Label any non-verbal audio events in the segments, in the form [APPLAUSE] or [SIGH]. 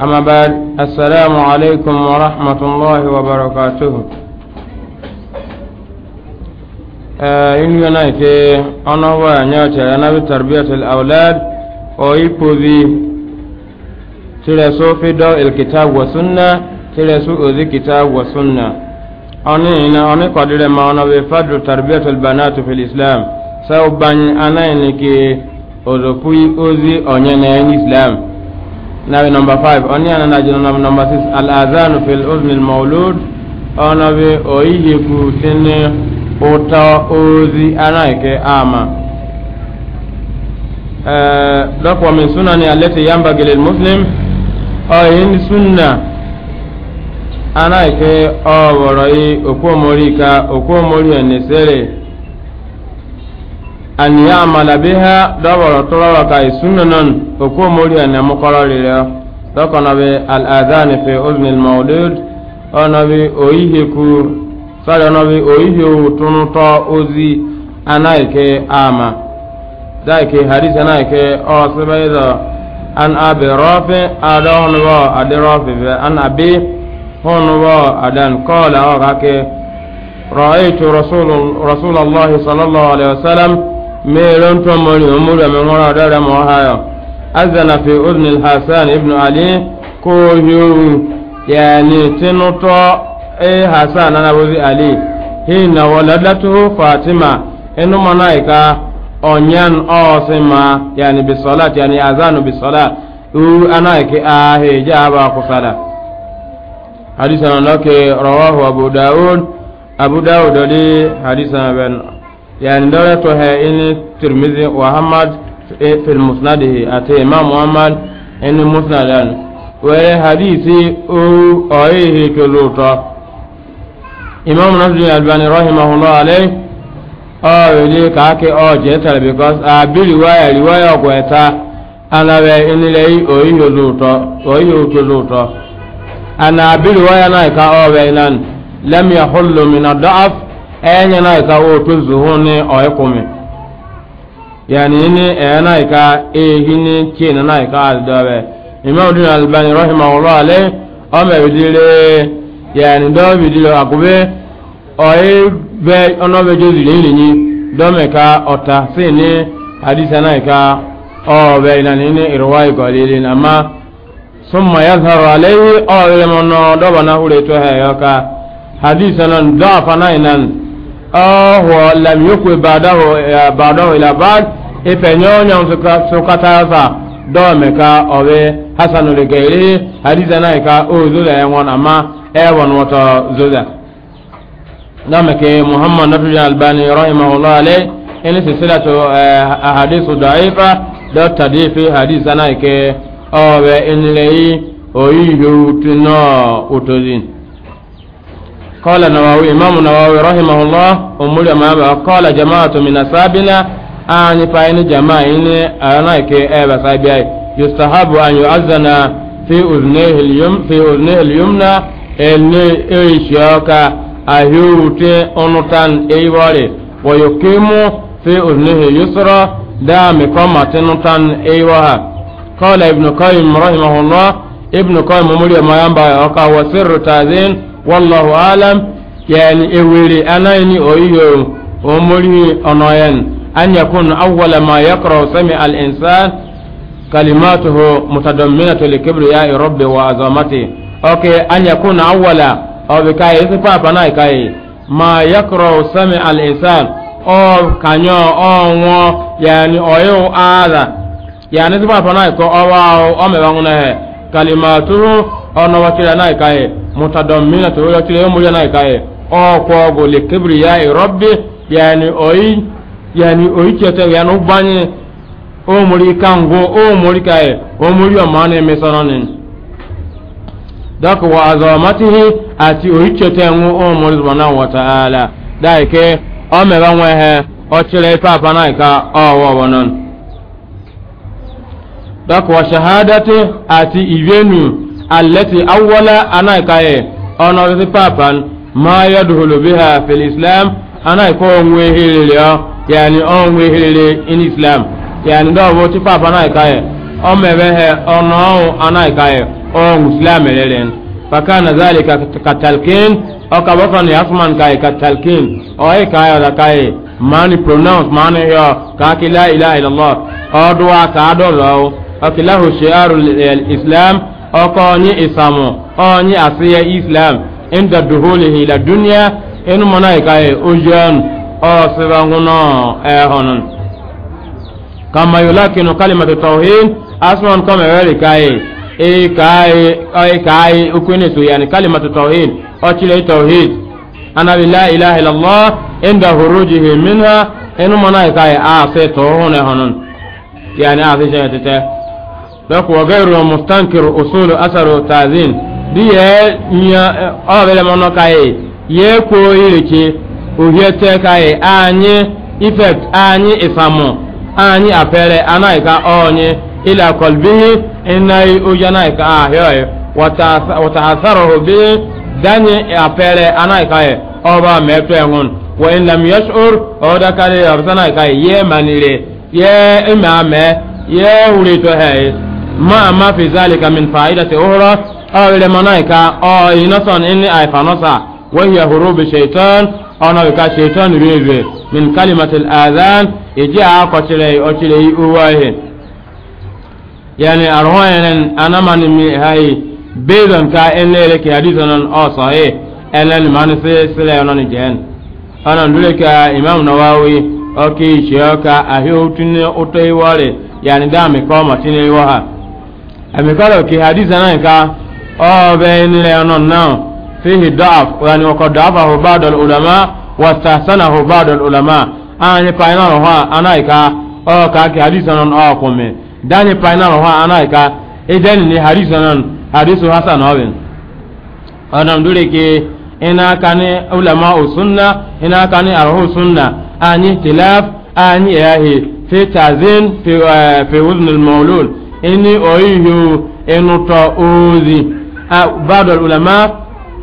أما بعد السلام عليكم ورحمة الله وبركاته إن ينايك أنا وانيوتا أنا بتربية الأولاد ويبوذي تلسو في دو الكتاب والسنة تلسو أذي كتاب والسنة أنا هنا أنا قدر ما أنا بفضل تربية البنات في الإسلام سو بني أنا إنك أذكي أذي أنينا الإسلام nabi number five oni ana na jino nabi number six al azanu fil uzni al mawlud ona bi oyi yeku tene uta ozi anaike ama eh, dɔk wa min sunani allati yambagi lil muslim oyin sunna anaike oworoyi okuomori ka okuomori enesere an yamala biha dɔbɔrɔ tɔrɔrɔ ka isunnanon oku omori ana mukoro rire doko nabi al adhan fi uzni al mawlud onabi oyihe ku sari onabi oyihe utunuto ozi anaike ama daike hadith anaike o sibaido an abi rafi adon wa adi rafi an abi hun wa adan kola o kake رأيت رسول رسول الله صلى الله عليه وسلم ميلون توموني أمور من وراء دار مهايا azana fi udni hasan ibn ali ko hiu yani tinuto e hasan na bozi ali hina waladatu fatima enu manaika onyan osima yani bi salat yani azanu bi salat u anaike ahe jaba ku sala hadisa nake rawahu abu daud abu daud ali hadisa ben yani dawla to he ini tirmidhi wa hamad في المسند أتي إمام محمد إن مسندا وإلى حديثي أو أيه كلوتا إمام نبي الألباني رحمه الله عليه أو لي كاكي أو جيتر بيكوز أبي رواية رواية قويتا أنا وإن لي أيه كلوتا أيه كلوتا أنا أبي رواية نايكا أو وينان لم يحل من الضعف أين نايكا أو تزهوني أو يقومي yani ini enaika ehini kina naika e, aldobe imam albani rahimahullah ale yani do akube be ono be ni do me ka ota sini hadisa naika o be na ni irwai qalilin amma summa yadhharu alayhi o le do bana hure to he yoka hadisa nan da nainan أهو لم يكن بعده بعده إلى بعد ipenyonyon sukatasa dome ka obe hasanul gairi hadisa na ka o zoda ya won amma ewon wata zoda dome ke muhammad nabi albani rahimahullah alai ini silsilatu eh, ahadisu da'ifa da tadifi hadisa na ke obe inlei oyiyo utino utozin قال النووي إمام النووي رحمه الله أمور ما قال جماعة من أصحابنا ani fayini jama ini arana ke eba sabiya yustahabu an yu'azzana fi uznihi al-yum fi uznihi al-yumna enne eishoka ahirute onutan eibore wa yuqimu fi uznihi yusra da mi koma tinutan eiwaha qala ibnu qayyim rahimahullah ibnu qayyim muri ma yamba wa sirru tazin wallahu alam yani ewere anaini oyiyo omuri onoyen أن يكون أول ما يقرأ سمع الإنسان كلماته متضمنة لكبرياء ربه وعظمته أوكي أن يكون أول أو بكاي إسفا فناي كاي ما يقرأ سمع الإنسان أو كانيو أو مو يعني أو آذا يعني إسفا فناي كو أو أو أمي كلماته أو نواتيلا ناي كاي متضمنة ويوتيلا يوم كاي أو كوغو لكبرياء ربه يعني أوي yani oyikyete yani ubanye omuri kango omuri kaye omuri ọrụ mesananin dak wa azamatihi ati ọrụ ngu omuri subhanahu wa ta'ala daike omeba nwehe ochire papa naika ọrụ wonon dak wa shahadati ati ivenu allati awwala anaikaye onorisi papan ma yadhulu biha fil islam anaiko onwe hililio yani on wehelele in islam yani do bo ti papa na ikaye on mebe he ono ana ikaye on islam lelen fakana zalika katalkin o ka bo ni asman kai katalkin o e kai da kai mani pronounce mani ya. ka ki la ilaha illallah o duwa ka do lo o ki lahu shi'aru islam o ko ni isamu o ni asiya islam inda duhulihi la dunya Enu mona ikaye o jon osibanguno ehonon kama yulakinu kalimatu tauhid asman kama weli kai e kai e kai ukunitu yani kalimatu tauhid ochile tauhid ana la ilaha illallah inda hurujihi minha enu mana kai a se tohone honon yani a se jete dok wa ghayru mustankir usul asaru tazin diye nya awele mono kai ye ko yiriki ohie teka yi anyi effect anyi isamu anyi apere anaika onye ila kolbihi inai oje anaika ahioyi wataasaruhu bihi danyi apere anaika yi oba meto ehun wa in lam yashur oda kare yarsana kai ye manire ye imame ye hurito hay ma ma fi zalika min fa'idati uhra aw ila manaika o inasan inni ay fanosa wa hiya hurub shaytan ona ka shaitan wewe min kalimatil adhan eje a ko tire o tire yi uwahe yani arhoyen anamani mi hay bezan e ka enlele ke hadithon on o sahih elen e man se onon jen ana lule ka imam nawawi o ki shioka ahiyo tunne utoi wale yani da mi matine waha amikalo ki hadithon ka o be enle onon now fihi da'af yani wa qad da'afahu ba'd al ulama wa tahsanahu ba'd al ulama ani paina ro ha anaika o ka ki hadisan on o ko me dani paina ro ha anaika idan ni hadisan on hadisu hasan awin anam dure ke ina kani ulama sunna ina kani arhu sunna ani tilaf ani yahi fi tazin fi fi wuzn al ini oyihu inu uzi ba'd al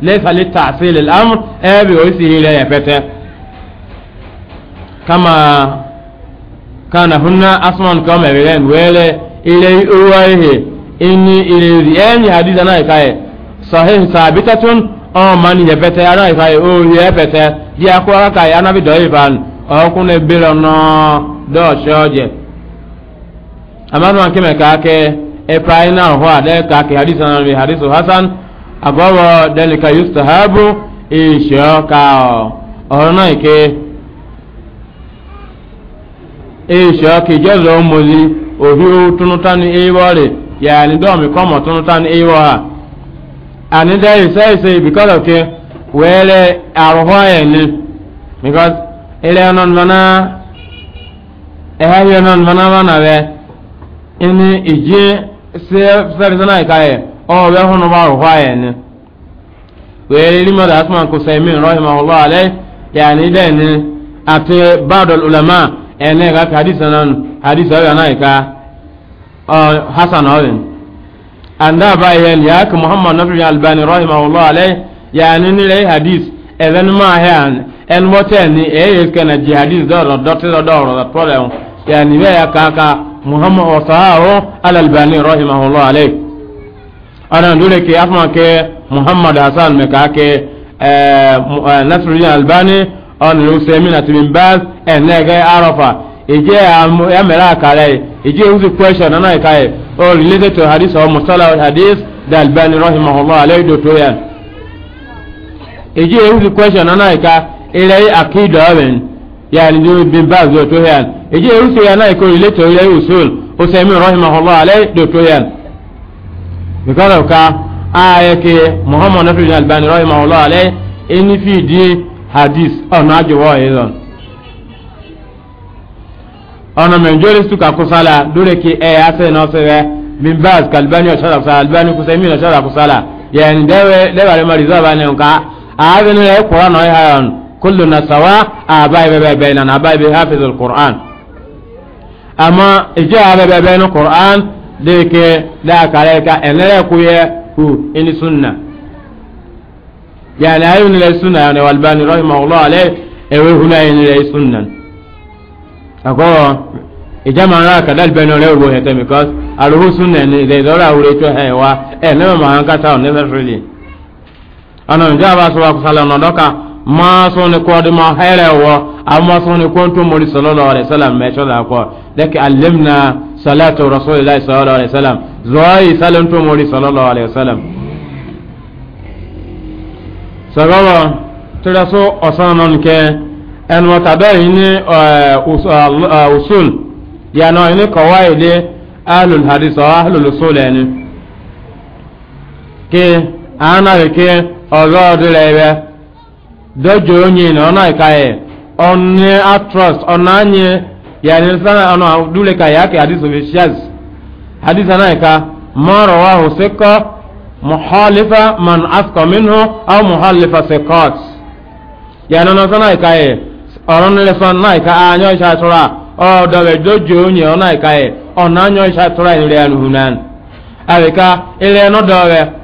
leetị alite asịrị la amụ ịnwéébị ọ isi ire ya pétè. Kamaa. Kana hụ na Asma nke ọ ma egbe na enweele ire ya owu ehi e ni ire ya ịnri ya ịnri Hadiza na-ekpeghi saa bitatu ọ ma na ịnri pétè ịnri ọ ya pétè di ya akụkọ kata ya na bị dọ ya ịnri paa ọkụ na ebere ọnụ dị na ọhụrụ adịghị ka kem ya Hadiza na abawo dalika yustahabu ishoka orna ike ishoka ijazo mozi ohi tunutani iwore yani domi komo tunutani iwoha and there is say say because of ke were arhoye ni because ile non mana ehe non mana mana we ini ije se ọ bẹ hụnụ ma rụwa ya ni wee lima da asman kusaimi rahimahullah alai yani da ni ati badal ulama ene ga hadisa nan hadisa ga nai ka hasan awin anda ba ya ya ka muhammad nabi albani rahimahullah alai yani ni lai hadis even ma han en mote ni e yes kana jihadis do do do do problem yani be ya ka ka ana ndure ke afma ke muhammad hasan me ka ke eh, eh, nasruddin albani on usaimin ati bin baz en eh, ne arafa ije ya mera kare ije uzi question ana e kai o e, related to hadith or mustala hadith da albani rahimahullah alayhi do to yan ije uzi question ana e ka ile akida ben yani do bin baz do to yan ije uzi ana ko related to usul usaimin rahimahullah alayhi do to yan because of ka aya ke muhammad nasruddin albani rahimahullah alayhi eni fi di hadis ọ̀nà àjọwọ́ ẹ̀yọ́ ọ̀nà mẹ́jọ́rì sùkà kùsàlà lórí kí ẹ̀ àṣẹ náà ṣẹlẹ̀ min baz kalbani ọ̀ṣọ́dà kùsàlà albani kùsàlà mi ọ̀ṣọ́dà kùsàlà yẹn dẹ́wẹ̀rẹ́ mọ̀ rìzọ́ bá ní nǹka ààbẹ̀ni ẹ̀ kùrán náà ẹ̀ hàn kúlù na sàwá àbáyé bẹ́ẹ̀ bẹ́ẹ̀ náà àbáyé bẹ́ẹ̀ hafiz al-qur'an àmọ́ ìjẹ́ àbẹ́ bẹ́ẹ̀ bẹ́ẹ̀ ní qur'an deke da kare ka enere kuye hu ini sunna yani ayu ni sunna yani walbani rahimahullah ale ewe huna ini le sunna ako ijama na ka dal beno le wo hete because alu sunna ni de dora ure to hewa eh, ma an kata ana nja ba so sala no doka ma so ne ko de ma amma so ne ko to mori sallallahu alaihi wasallam me da ko deke allimna salatu rasulillahi sallallahu alaihi wasallam zoyi salon to mori sallallahu alaihi wasallam sababa tira so osanon ke en wata da ni eh, eh, uh, usul ya no ni kawaide ahlul hadith wa ahlul usul yani ke ana ke ozo direbe dojo onye na ona ikaye onne atrust onanye yani sana ano dule ka yake hadithu bi shaz hadith ana ka muhalifa man minhu muhalifa thiqat yani ana sana ka e le na ka anyo ah, sha tura o do be dojo onye ka e ona anyo sha tura anu hunan ile no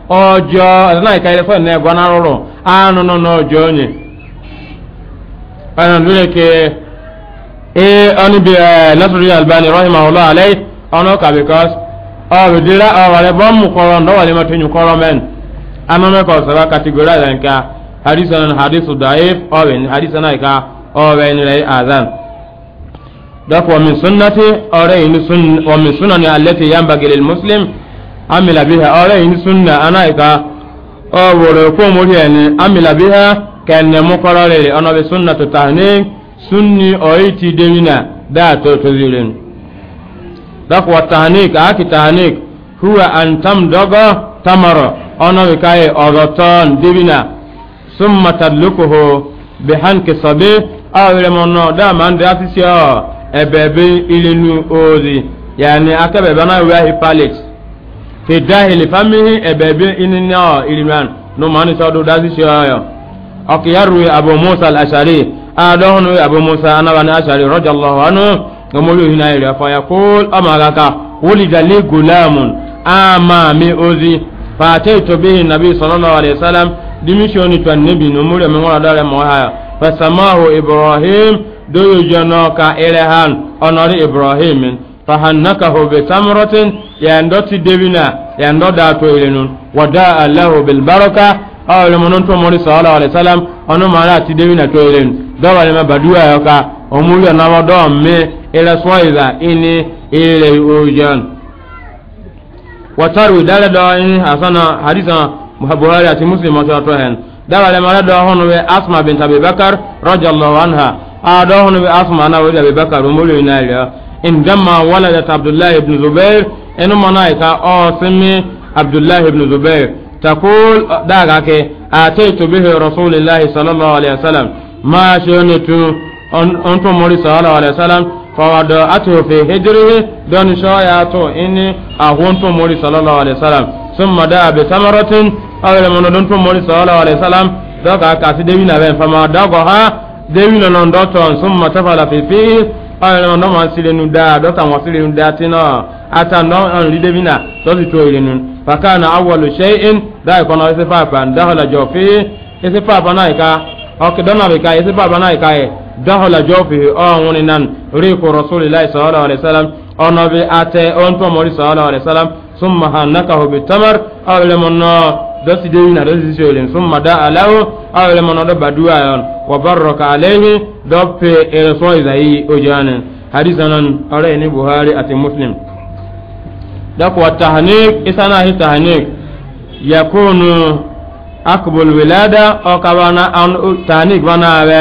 ojo na ka ile son na gwanaruru anu no no ojo ana dule ke e ani bi nasruddin albani rahimahullah alayhi ono ka because o bi dira o wale bom mu ko ron do wale ma tunyu ko ron men ama me ko sara category dan ka hadisan hadithu da'if o ben hadisan ka o ben re azan dok wa min sunnati ore in sun wa min sunani allati yanbaghi lil muslim amila biha ore in sunna ana ka o wore ko mo ni amila biha kan ne mu ko ron re ono bi sunnatu tahnik sunni oiti dewina da to to zilen dak wa tahnik aki tahnik huwa an tamdaga tamara ono bi kai ozoton dewina summa tadlukuhu bi hanki sabi awre monno da man da tisi o ebebe ilenu ozi yani akabe bana wa hipalit fi dahili famihi ebebe inna ilman no mani so do da tisi o akiyaru abu musa al-ashari adon abu musa anabani ashari radiyallahu anhu ngomulu hina ile fa yaqul amagaka wulida li gulamun ama mi ozi fa taitu bihi nabi sallallahu alaihi wasallam dimishoni twa nabi numule mwa dale mo haya fa samahu ibrahim doyo jano ka elehan onori ibrahim fa hannakahu bi tamratin ya ndoti devina wadaa lahu bil awole mo non to mori sallallahu alaihi wasallam ono mara ti dewi na toilen dawa le ma badua yoka omuli na wa do me ila swaiza ini ile ujan wa taru dala do in hasana haditha buhari ati muslim ma to hen dawa le mara do hono we asma bint abubakar radiyallahu anha a do hono we asma na we abubakar omuli na ile in jamma waladat abdullah ibn zubair eno mana ka o simi abdullah ibn zubair تقول داغاك آتيت به رسول الله صلى الله عليه وسلم ما شئنت أنت مولي صلى الله عليه وسلم فوضعته في هجره دون شاياته إني أهونت مولي صلى الله عليه وسلم ثم دعا بثمرة أو لما ندنت مولي صلى الله عليه وسلم دوكا كاسي دينا بين فما دوكها دينا نندوتون ثم تفعل في فيه أو لما نمان سيلينو دا دوكا وسيلينو داتنا أتا نو أن لدينا دوكا تو إلينو فكان أول شيء دا يكون إسفافا دخل جوفيه إسفافا نايكا أوكي دونا بكا إسفافا نايكا دخل جوفيه أو وننان ريكو رسول الله صلى الله عليه وسلم أو نبي أتي أنتو مولي صلى الله عليه وسلم ثم هنكه بالتمر أو لمنه dosi de yina dosi sholin summa da alahu awele mono do badua yon wa barraka alayhi do pe e so izayi ojanen hadisanan ara ni buhari ati muslim dak wa tahnik isana hi tahnik yakunu akbul wilada o kabana an tahnik bana ave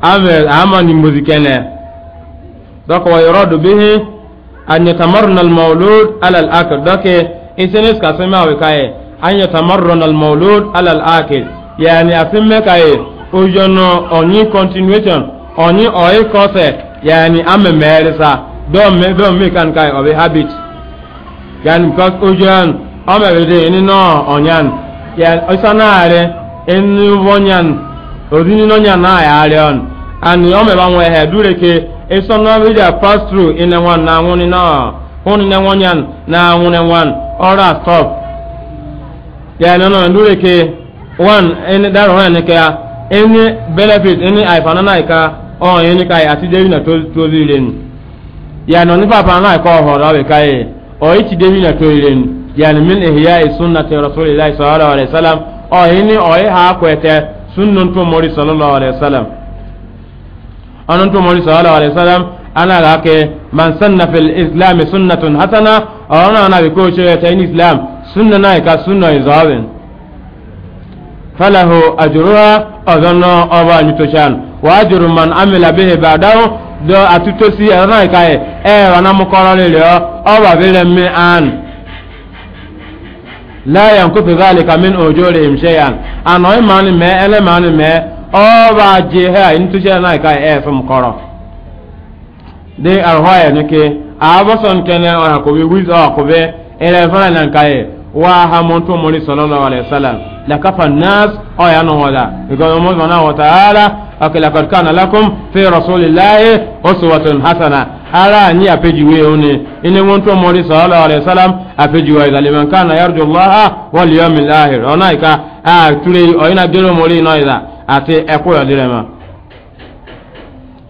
ave amani muzikene dak wa yuradu bihi an yatamarrana al mawlud ala al akil dak isenes ka sema we kaye an yatamarrana al mawlud ala al akil yani asimme continuation onyi oyi kose yani amemere sa don me don me kan kai yani because ojuan ọmọbìnrin ẹni náà ọ̀nyàn ọ̀sán náà rẹ ẹni wọ́nyàn òdìní nọ́nyàn náà yà á rẹ ọ̀n and ọmọbìnrin àwọn ẹ̀hẹ́ dúró ke ẹ̀sán náà rí dà pass through ẹni wọn náà wọn ni náà wọn ni náà wọ́nyàn náà wọn ni wọn ke wọn ẹni dárò wọn ẹni kẹ́ ẹni benefit ẹni àìfànà náà ẹ̀ka ọ̀hún ẹni ká àti dẹ́rì náà tó tó rí ni yani ọ̀nífàfà náà ẹ̀kọ́ ọ̀hún ọ̀rọ̀ ka e. o iti de hina to ilen yani min ihya sunnati rasulillahi sallallahu alaihi wasallam o hini o ha ko ete sunnun to mori sallallahu alaihi wasallam anan to mori sallallahu alaihi wasallam ana ga ke man sanna fil islam sunnatun hasana ona ana bi ko che ta islam sunna na ka sunna izawin falahu ajruha adanna aba nyutoshan wa ajru man amila bihi ba'dahu do atutosi ɛrɔna yi ka yi ɛɛ wana mu kɔrɔ le lɛ ɔba bi lɛ mi an lɛyɛn zaali ka min ojo le im seyan anɔ yi maa ni mɛ ɛlɛ maa ni mɛ ɔba je hɛ ntusi yi ka yi ɛɛ fɛn mu kɔrɔ de arɔhɔ yɛ ni ke abɔsɔn kɛnɛ ɔyɛ kobi nan ka yi waa ha sɔlɔ lɔ wale naas la na wɔ aka laqad kana lakum fi rasulillahi uswatun hasana ara ni apeji we oni ine won to mori sallallahu alaihi wasallam apeji wa liman kana yarju allaha wal yawmil akhir ona ika a ture oyina gero mori no ida ati eko yo direma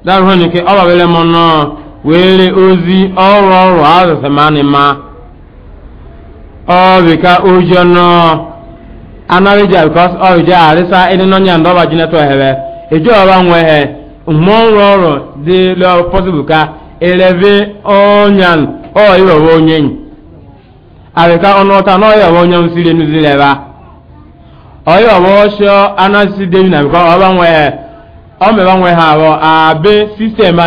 daru ni ke awa wele mono wele ozi oro oro azu semani ma o bika ojono anareja because o ja arisa ene no nya ndoba jine to hebe ejo aba nwehe mmụọ nrọ ọrụ dị lọ ka eleve ọnyan ọ ọrụ onye nyi ọnụ ọta na ọyọwa onye m siri enu ziri ebe ọyọwa ọsọ anasị dị na ọ e, nwe ha abụọ abe sistem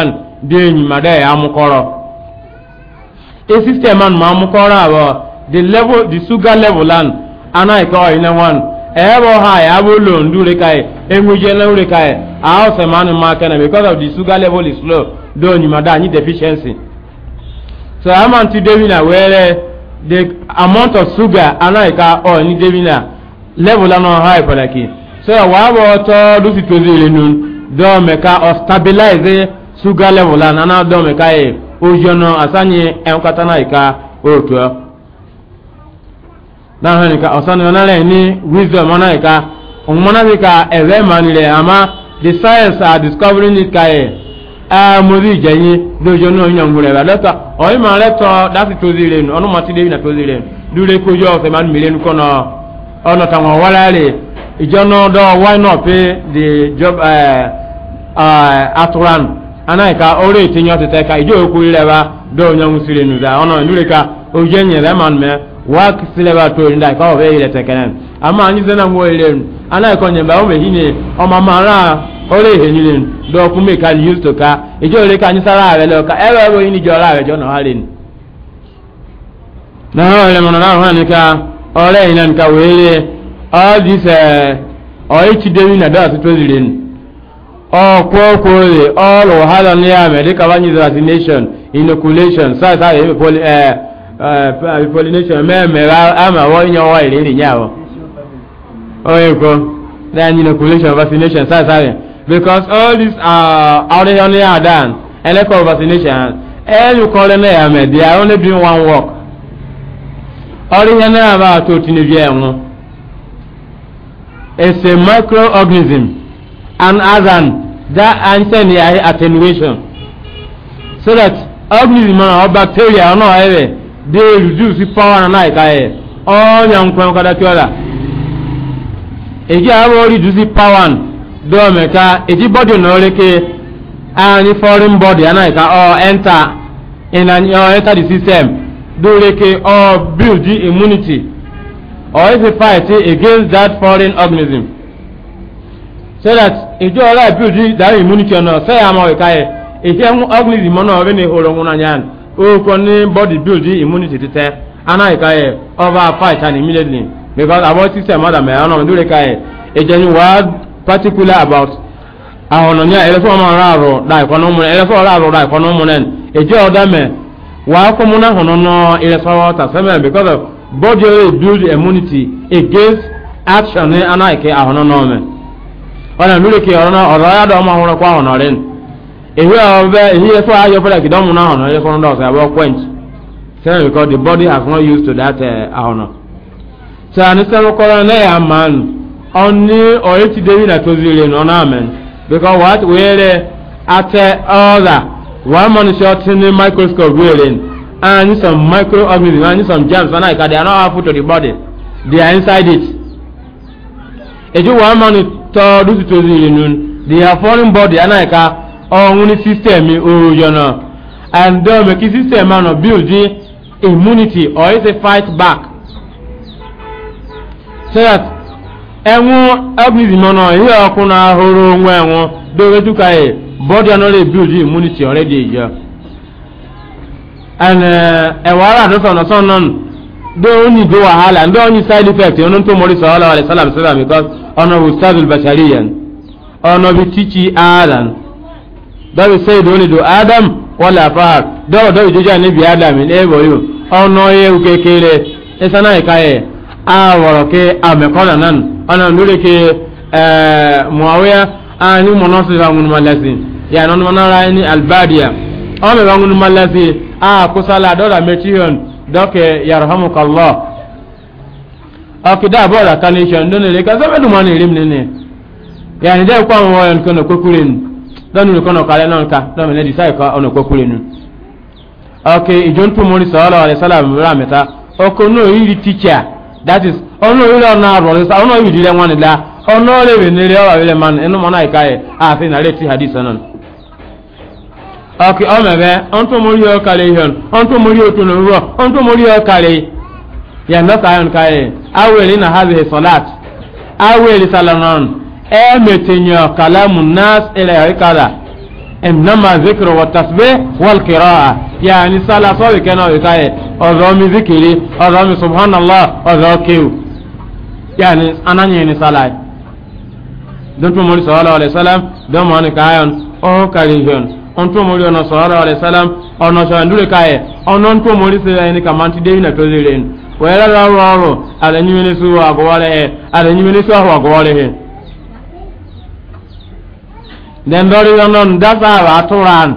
dị enyi ma dị ya amụkọrọ e ma amụkọrọ abụọ the level the sugar level ebe ọha ya bụ ụlọ ndị ure ka enwejela ure ka ahụ semanụ ma aka na because of the sugar level is low do mada anyị deficiency so amanti na were the amount of sugar anaghị e ka ọ ni devina level anọ ha ki so wa bụ ọtọ dusi tozile nu do meka ọ stabilize sugar level anọ na do meka e, ojo no asanye enkata na ika e otu na hɔn ka ɔsɔn nana lɛ ni wisdom ɔna ka ɔmɔna bi ka ɛvɛ mani lɛ ama the science are discovering it ka yɛ ɛɛ mori jɛnyi dojo n'o nyɔngu lɛ ba lɛtɔ ɔyi ma lɛtɔ dasi tozi lɛ nu ɔnu mati lebi na tozi lɛ nu dule kojú ɔfɛ mani mi lɛ nu kɔnɔ ɔnɔ tɔmɔ wala lɛ ìjɔnɔ why not pay the job ɛɛ ɛɛ aturan ana ka ɔre ti nyɔ tɛtɛ ka ìjɔ òkú lɛ ba dɔw nyɔngu ka ojú ɛnyɛ lɛ mani waki sile ba to nda ka o be ile ama anyi zena mo ile ana ko nyemba o be hine o mama ra o le he nyile do ku me ka news to ka e jo le ka anyi sara lo ka e ba bo ni jo ra re jo no hale ni na ha le na ha ni ka o le ina ka we o di se o e ti de na da to o ko ko le o lo ni Eh, pollination mẹ́ẹ̀mẹ́ ama wọ́n yan wọ́n ìrírí ní àwọ̀ oye ko then inoculation vaccination sorry because all these are only are done electoral you call they are only doing one work ọrịa na tinubu it's a microorganism and other that answer the attenuation so that organism or bacteria or no eh, de reduce power na naika ye onya nkwen kada kyola eji abo reduce power do meka eji body no leke ani foreign body anaika o enter in an o enter the system do leke o immunity against that organism so that eji immunity eji organism ne horo o kò ní body build immunity ti tẹ́ aná ìka fight and immediately because àwọn system ọ̀dà mẹ́rin ọ̀nà ìdúró ìka yẹ particular about àwọn ọ̀nà ẹlẹ́fọ́ ọmọ ọ̀rọ̀ da ìkọ́ ní ọmọnẹ ẹlẹ́fọ́ ọ̀rọ̀ àrọ̀ da ìkọ́ ní ọmọnẹ ìjẹ́ ọ̀dà mẹ́ wà á kọ́ because of body build immunity against action ni aná ìkẹ́ àwọn ehi ọbẹ ehi efo ayọ fẹlẹ kìdọ mu náà ọ̀nà ẹ̀kọ́ náà ọ̀sẹ̀ ẹ̀bọ quench sẹ́yìn because the body has not used to that eh, ọ̀nà. sani sẹ́nu kọ́ra náà yà máa nù ọ̀ní ọ̀yẹ́ ti débi nà tó zi rè nù ọ̀nà àmẹ́nu because wàá wéèrè atẹ ọ̀dà wàá mọ̀ ní sọ ti ní microscope wéèrè nù and some microorganisms and some germs and like they are not harmful to the body they are inside it. èjì wàá mọ̀ ní tọ́ dúdú tó zi rè nù they are foreign body and like. ọ̀hún system na and then make system ọ̀nà build immunity or it's a fight back so that ẹ̀wọ̀n organism ọ̀nà ọkụ na ahụrụ ohun ẹ̀wọ̀n dóore túkà body ọ̀nà lè build immunity already ìjọ and eh, ẹ̀wọ̀n ara sọ̀nà dóore ní ìdó wàhálà ndóore ní side effect ọ̀nà tó mọ̀rí sọ̀rọ̀ ọ̀là sálàm sálàm because ọ̀nà wò sábìl bàṣàríyàn ọ̀nà bí dɔbi seyid woni do adam wala fahar dɔw dɔbi jojo ni bi adam ni ebo yo ɔnɔ oh, ye uke kele esana yi ka ye a ah, wɔrɔ ke amekɔna nan ɔna nuri ke ɛɛ eh, muawiya a ah, ni mɔnɔ si ba ŋunu ma lɛsi yanni ɔnuma nara ni albadiya ɔmɛ oh, ba ŋunu ma lɛsi a ah, kusala dɔ la metiyon dɔ ke yarahamu kalɔ ɔkida bɔ la kanisɔn don ne de ka sɛbɛn duma ni rim ne ne yanni dɛ kɔn wɔyɔn kɔnɔ kokurin. dɔnni mi kɔnɔ kalẹ náà ka dɔnni mi lɛ disa yi ka ɔnà kɔkure nu ok ìjọ́ntu mori sọ̀rọ̀ alẹ́ sálà mìíràn mẹ́ta ọkọ náà yìí that is ọnụ oriri ọrụ náà rọ̀ sísá ọrụ yìí ọrụ lẹ́ wọn ala ɔnà lè wẹ̀ nílẹ̀ ɔwà wẹ̀ lẹ́ man ọrụ mọ̀ náà yìí ka yẹ àfi nàlẹ́ ti hadith náà ok ɔmɛ bɛ ɔntu mori yɛ na emetinyo kalamu nas ila ikala innama zikru wa tasbih wal qira'a yani sala so ke no ikaye ozo mi zikiri ozo mi subhanallah ozo kiu yani ananye ni sala don to mori sallallahu alaihi wasallam don mo ni kayon o oh kali yon on to mori ono sallallahu alaihi wasallam ono so ndure kaye ono to mori se ni kamanti de na to zirin wera rawaro ala nyimene suwa ko wale ala nyimene suwa den dori yonon dasa wa turan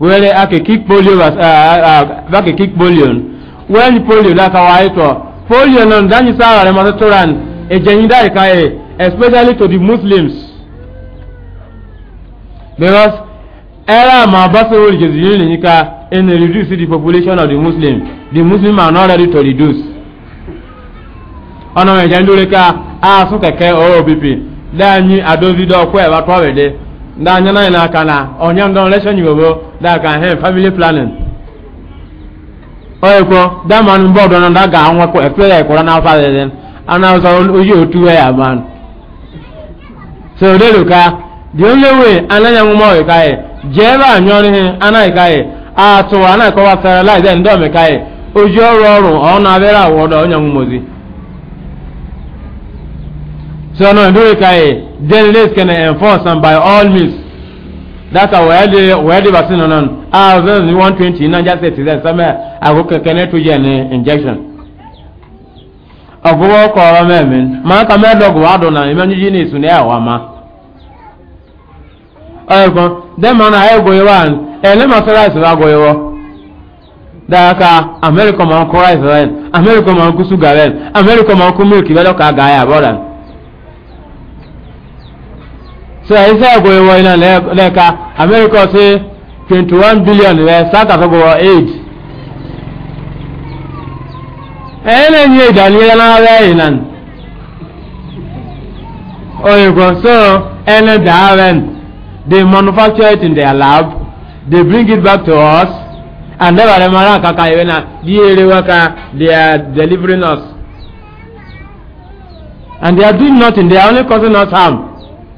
wele ake kick polio was uh, uh, uh, ake kick polio wen polio da ka waito polio non danyi sara le mata turan e jenyi dai ka e especially to the muslims because era ma basu wol jezili ni ka in reduce the population of the muslim the muslim are not ready to reduce ọ̀nà ìjẹ́ ń dúró ká a sún kẹ̀kẹ́ ọ̀rọ̀ oh, bíbí danyi adozi do ko e ba to na ina kana onya ndo nyi bobo da ka family planning oye ko da man bo do na ga anwa ko e pere ko na de ana so oyi otu e ya man so de luka the only way ananya mu mo e kai je ba anyo ni ana e kai e. atu ana ko wa ka e. so no do kai journalists can enforce and by all means that's how where the where the vaccine on ah then 120 na just say that some i go can to gen injection agwo ko ra me men ma ka me dog wa do na me nyi ni su ne awa ma ay ko dem na ay go yawan ele ma sara su go yawo daka america ma ko rice america ma ku sugar america ma ku milk be do ka ga ya so isa go yo ina leka america se 21 billion le saka to go 8 ene ni e dali na re inan oye go so ene daren they manufacture it in their lab they bring it back to us and never remember kaka iwena diere waka they are delivering us and they are doing nothing they are only causing us harm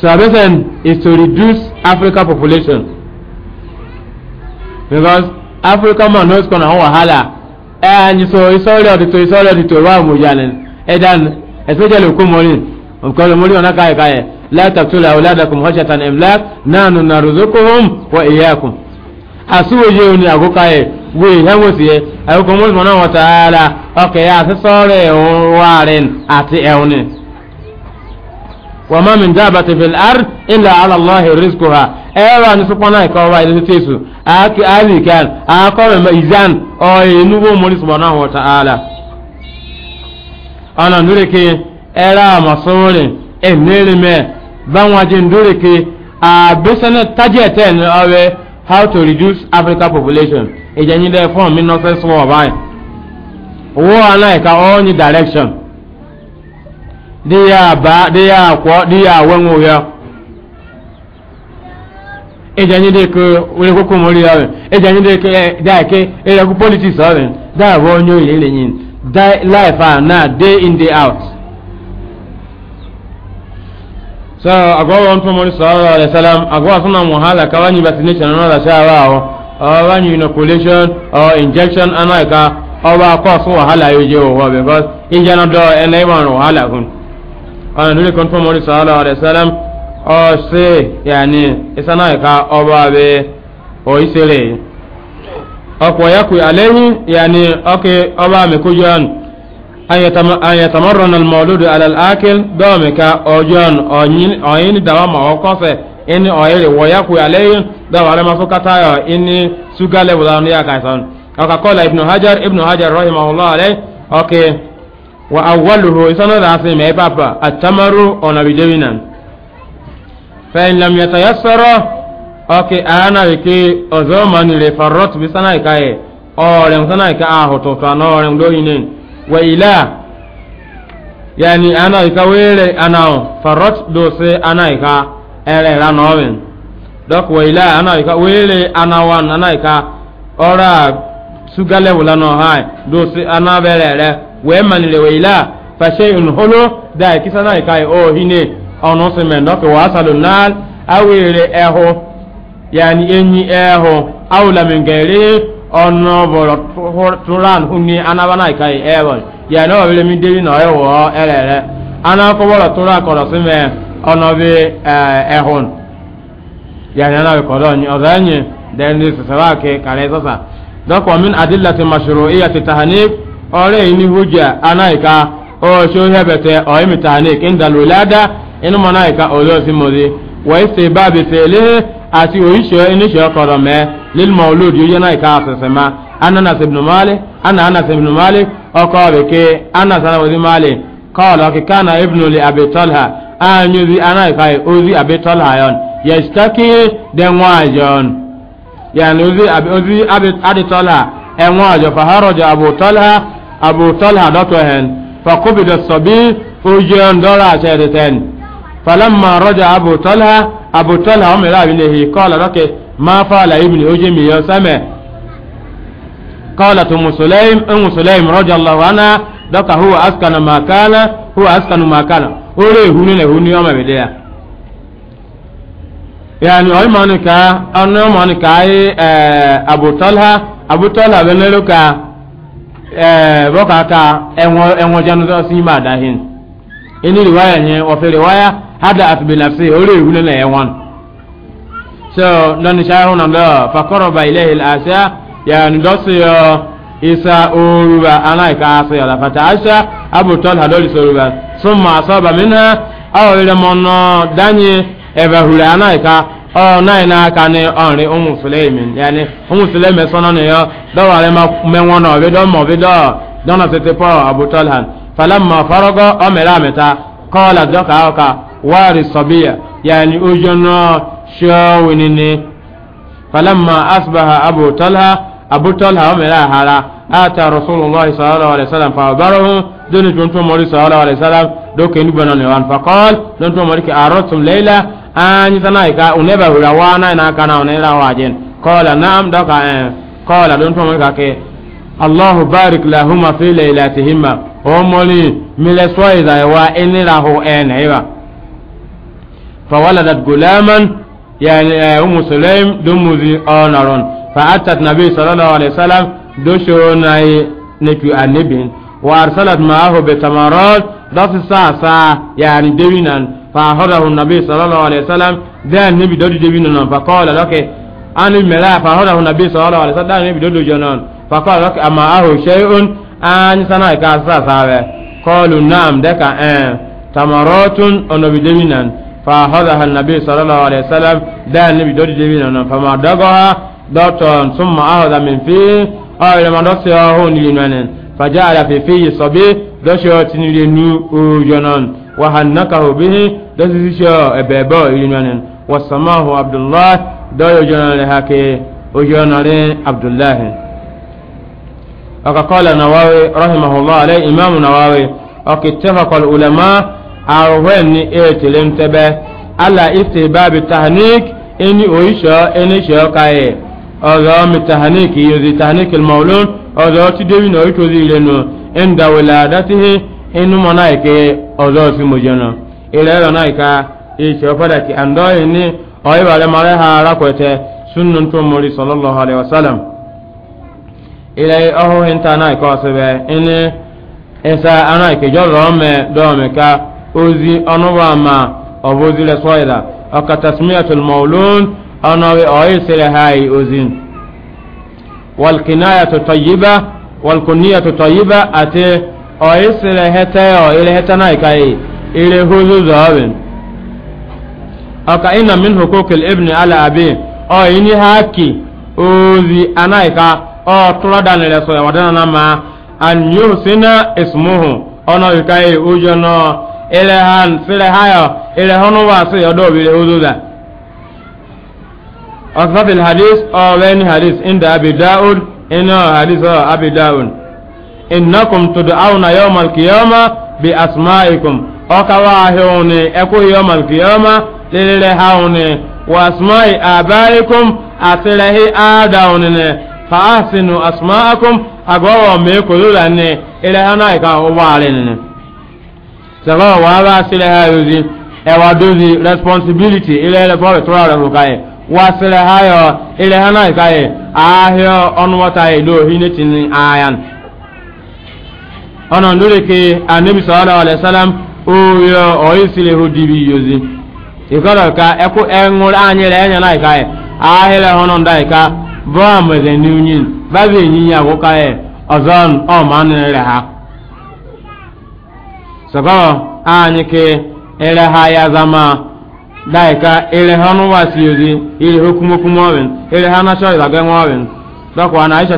So salvation is to reduce africa population because africa man no score na ho wahala and so isọri ọtito isọri ọtito wa mo yalẹ ẹdan especially okomori okomori ọna kayekaye látàtúlà ọ̀làdàkùn họ́ṣẹ̀tàn ẹ̀mlák náà nù nà rùzókòhùn wọ ìyáàkùn àsúwòye òní àgókáyẹ̀ wé ìhẹ́wòsíyẹ àgókò mọ́sùmọ́ náà wọ́n tààrà ọkẹ̀ yà àti sọ́ọ̀rẹ̀ ẹ̀hún wáàrin àti ẹ̀hún ni وما من دابة في الأرض إلا على الله رزقها أيوة نسبنا يكوا إلى تيسو أك ألي كان أكوا ميزان أو ينوبو مولى سبحانه وتعالى أنا نوريك ألا مسؤول إنيل ما بانواجين نوريك أبسنا تجتين أو how to reduce Africa population إجاني ده فهم من نصيص وابين هو أنا يكوا أني direction dị ya baa dị ya akwọ dị ya awenwu ya ịja nye dịka wee kwekwe mori ya ịja nye dịka da eke ịja ku politiks ọrịa da wo onye oyi ile nye da life are na day in day out so agọwọ ntọ mori sọrọ ọrịa salam agọwọ sọ na muhala ka wanyị vaccination na ọrịa shawa ahụ ọ inoculation or injection anaghị ka ọ bụ akọ ọsụ wahala ya oje because ịja na dọọ ẹnẹ ịwa wahala ana nuri kontu mori sallallahu alaihi wasallam o se yani isana ka oba be o isere ọkọ̀ ya kwe alẹ́yìn yani ọkẹ̀ ọba mi kú yọ́n an yẹ tamarron almọludu alalakil dọ́ọ̀mì ka ọjọ́n ọ̀yìn dawa ma ọkọ̀fẹ́ ini ọ̀yẹ̀rẹ̀ wọ̀ ya kwe alẹ́yìn dọ́ọ̀mì alẹ́ masu katayọ ini suga level ọ̀nà ya kaisan ọkà kọ́la ibnu hajar ibnu hajar rahimahullah alẹ́ ọkẹ̀ wa awwaluhu isana da sai mai e papa atamaru ona bijewina fa in lam yatayassara okay ana wiki ozoman le farrat bi sana ikaye ore sana ika aho to to na ore ndo inen wa ila yani ana ika wele ana farrat do se ana ika ere ra no dok wa ila ana ika wele ana wan ana ika ora sugale wala no hai do se ana bere wẹ́ẹ̀mánì lè wẹ̀yìlá fàṣẹ ìhónú dá ìkísá náà ìka ìhó hínè ọ̀nà sìmẹ̀ ndọ́kẹ̀ wàá sàlù náà awèrè ẹ̀hó yàní ẹ̀yìn ẹ̀hó awùlàmìgẹ̀rẹ́ ọ̀nà bọ̀rọ̀ turan húnni anábànà ìka ìhó yàní ọ̀bẹ̀rẹ̀ mi débi náà ẹ̀wọ̀ ẹ̀rẹ̀rẹ̀ anákọ̀bọ̀rọ̀ turan kọ̀rọ̀ sìmẹ̀ ọ̀nà bí ẹ̀hón yàní anábìkọ̀dọ̀ ọ̀dọ̀ ẹ̀yìn dẹ́ni sọ̀sọ̀ ke kẹ́ kàrẹ́ sọ̀sà dọ́kọ̀ min adìlẹ̀ ti màṣúrò ìyàtì tàhánib ore ihe hujja anaika o sho hebete o imitani kindal wilada inu manaika ozo simodi wa istibabi fele ati o isho ini sho korome lil maulud yujana ka asasama anas ibn malik ana anas ibn malik o qala ke anas ibn malik qala ke kana ibnu li abi talha anyuzi ozi abu talha dɔtɔ hɛn fakubida sabi ojiran dɔra ahyɛde tɛn falamma rɔja abu talha abu talha wɔn mɛra abin ehi kɔɔla dɔke maa faala ibini oje miyɔ sɛmɛ kɔɔla tu musulaim e musulaim rɔja allahu ana dɔka huwa askana makana huwa askanu makana ore ehuni na ehuni wɔn mɛbi deya yaani ɔyɛ mɔni kaa ɔno mɔni kaa ye ɛɛ abu talha abu talha bɛ nero kaa. Eh, bokaka enwo janu to si ma da hin ini riwaya hada at bi nafsi ore ihule na so don sharu na da fakoro ba ilahi al asya ya ndosi isa ana ka asya fata asya abu tal hadoli soruba summa asaba minha aw danye ọ naghị n'aka ni ọrị ụmụ suleimin yani ụmụ suleimin sọnọ na ya dọwara ma menwọ na ọbịdọ ma ọbịdọ dọna site pọl falamma farago ọ mere amịta kọla dọka ọka wari sọbiya yani ojo na falamma asbaha abutalha abutalha ọ mere ahara ata rasulullah sallallahu alaihi wasallam fa mori sallallahu alaihi wasallam ni ne wan fa qal mori ki an sana ka uneba hura wana na kana unela wajen qala na'am daka eh qala don to ka ke allah barik lahumma fi laylatihima o moli mile soyi da wa enira ho enaiba eh, fa waladat gulaman yani eh, ummu sulaim dum muzi onaron fa atat nabi sallallahu alaihi wasallam do shoronai neku anibin wa arsalat ma'ahu bi tamarat dafisa sa yani dewinan فأخذه النبي صلى الله عليه وسلم ده النبي دودو جبيننا فقال لك أنا ملا فأخذه النبي صلى الله عليه وسلم ده النبي دودو جنان فقال لك أما أهو شيء أن سنة كاسا سابه قالوا نعم دكا أن تمرات النبي جبيننا فأخذها النبي صلى الله عليه وسلم ده النبي دودو جبيننا فما دقها دوتون ثم أخذ من فيه أو لما دوسيه هون لنوانين فجعل في فيه صبي دوشيوتين لنو جنان وهنكه به dasi sisho ebebe ilinanin wasamahu abdullah dayo jonale hake ojonale abdullah akakola nawawi rahimahullah alai imamu nawawi akittafaqa alulama arwen ni etelem tebe ala istibabi tahnik eni oisho eni sho kaye ọ̀rọ̀ mi tahaniki yozi tahaniki maulun ọ̀rọ̀ ti dewi na oitozi ilenu inda wiladatihi inu mọ̀nà ike ọ̀rọ̀ fi mojana ilẹ̀rọ náà ìka ìṣẹ́ fọ́dàkì àndọ́ ìní ọ̀yẹ́bàrẹ́ mọ́rẹ́ ha arákọ̀ẹ́tẹ́ súnnù tó mórí sọlọ́lọ́hà alẹ́ wasalam ilẹ̀ ọ̀hún ìta náà ìkọ́ ọ̀sẹ̀bẹ̀ ìní ẹ̀sà ara ìkẹjọ́ rọ́ọ̀mẹ́ dọ́ọ̀mẹ́ka ozi ọ̀nùwà mà ọ̀bọ̀zi rẹ̀ sọ́ọ̀yìlà ọ̀kà tasmiyatul mawlun ọ̀nà ọ̀yẹ́sẹ̀rẹ̀ ha ozin walkinayatu tayyiba walkunniyatu tayyiba àti ọ̀yẹ́sẹ̀rẹ̀ ire hozo zaben aka ina min hukukil ibni ala abi o ini haki ozi anaika o tura da ne so wadana na ma an yusina ismuhu ona yukai ujo no ile han file hayo ile hono wa se yodo bi hozo za أكثر الحديث أو بين حديث عند أبي داود إنه حديث أبي داود إنكم تدعون يوم القيامة بأسمائكم ọkawahịụnị ekwughiomalkiyoma lelere ha ụnị wasmai abarikum asirehi adaụnịnị fa asinu asmaakum agọwọ mee kolulani ileha naika ụgbọalịnịnị sọgọ wàhálà sílẹ̀ ha e responsibility ilẹ̀ ẹlẹ́fọ́ rẹ̀ ayan. anabi oyo oisile hodibi yozi ikoro ka eku enwur anyere enya na ikaye ahire hono nda ika bra mede ni n'unyi babe enyi ya e, ọzọ kae ha sababa anyị ke ere ha ya zama daika ere hanu wasi yozi ere hukumu kumo wen ere hana da dako ana aisha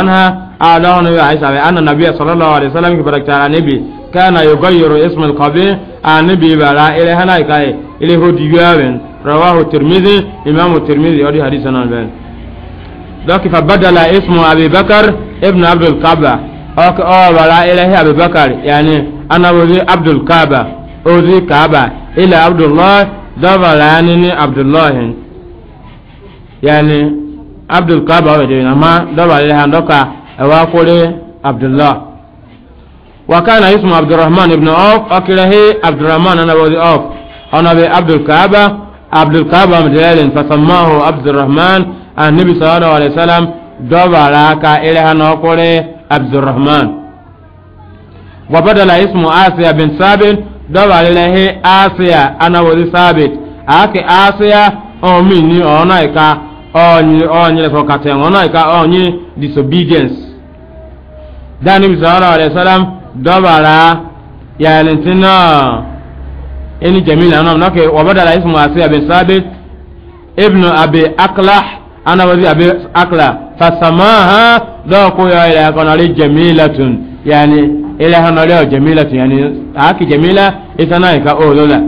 anha ala aisha anna sallallahu alaihi wasallam nabi kana yugayiru isma alqabi anabi bara ile hana kai ile hodi yawen rawahu tirmidhi imamu tirmidhi odi hadithan al-ban ذاك فبدل اسم أبي بكر ابن عبد الكعبة أو ولا إله أبي بكر يعني أنا وزي عبد الكعبة وزي كعبة إلى عبد الله دبل يعني عبد الله يعني عبد الكعبة وجينا ما دبل إلى هندوكا أو عبد الله وكان اسمه عبد الرحمن بن عوف أكله عبد الرحمن أنا بودي عوف أنا عبد الكعبة عبد الكعبة مدلل فسماه عبد الرحمن النبي صلى الله عليه وسلم دوبا لاكا إلها نوكولي عبد الرحمن وبدل اسمه آسيا بن ثابت دوبا له آسيا أنا بودي ثابت أكي آسيا أو مني أو نايكا أو ني أو ني لفوكاتين أو نايكا أو ني disobedience. Then Nabi sallallahu alayhi wa dɔbara yalintina eni jamil anam nake wabadala ismu asiya bin sabit ibnu abi aklah anababi abi akla fasamaha dɔku yɔ ila kɔnɔli jamilatun yani ila kɔnɔli yɔ jamilatun yani aki jamila isana yi ka oolo la